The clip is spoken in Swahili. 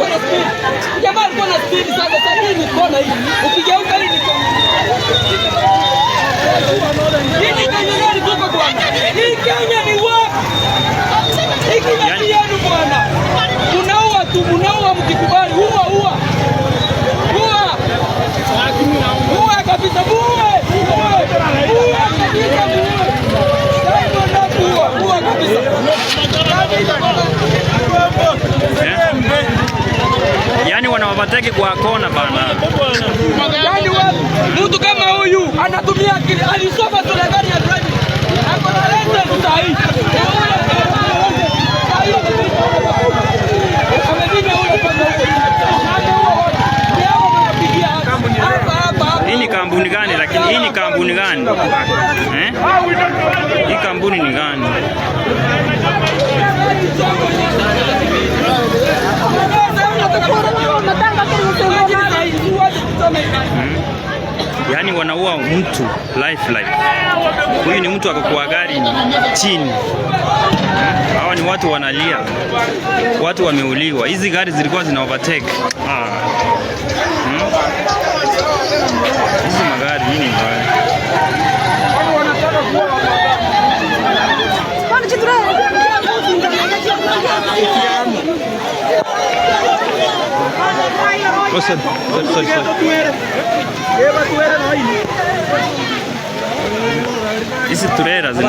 alikuwa na spidi, jamaa alikuwa na spidi sana. Sasa hii ni kona hii, ukigeuka hii ni kona hii. Ni Kenya gani tuko bwana? Hii Kenya ni wapi? Hii ni yenu bwana, munaua tu, munaua mkikubali, huwa huwa huwa huwa kabisa, huwa huwa kabisa, huwa huwa kabisa. hawataki kona bana. Yaani mtu kama huyu anatumia akili, alisoma shule gani ya driving? Ako na leseni sahihi. Hii ni kampuni gani lakini hii ni kampuni gani? Eh? Hii kampuni ni gani? yani wanaua mtu life life. Huyu ni mtu akakuwa gari chini. Hawa ni watu wanalia, watu wameuliwa. Hizi gari zilikuwa zina overtake ah. hmm? hizi magari mbaya Sorry, sorry, sorry. Ese Turera, ¿no?